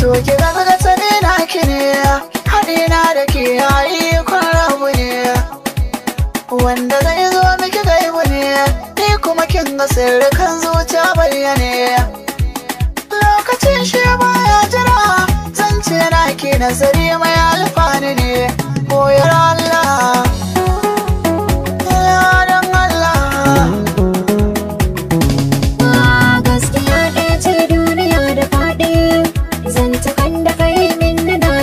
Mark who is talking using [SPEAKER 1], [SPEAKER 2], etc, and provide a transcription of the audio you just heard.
[SPEAKER 1] To ki zama da na ki ne Haɗi na da ke yayi kun rabu ne Wanda zai zo miki gaibu ne Ni kuma kin ga sirri kan zuciya bayyane Lokacin shi baya jira Zance na ki
[SPEAKER 2] nazari mai alfani ne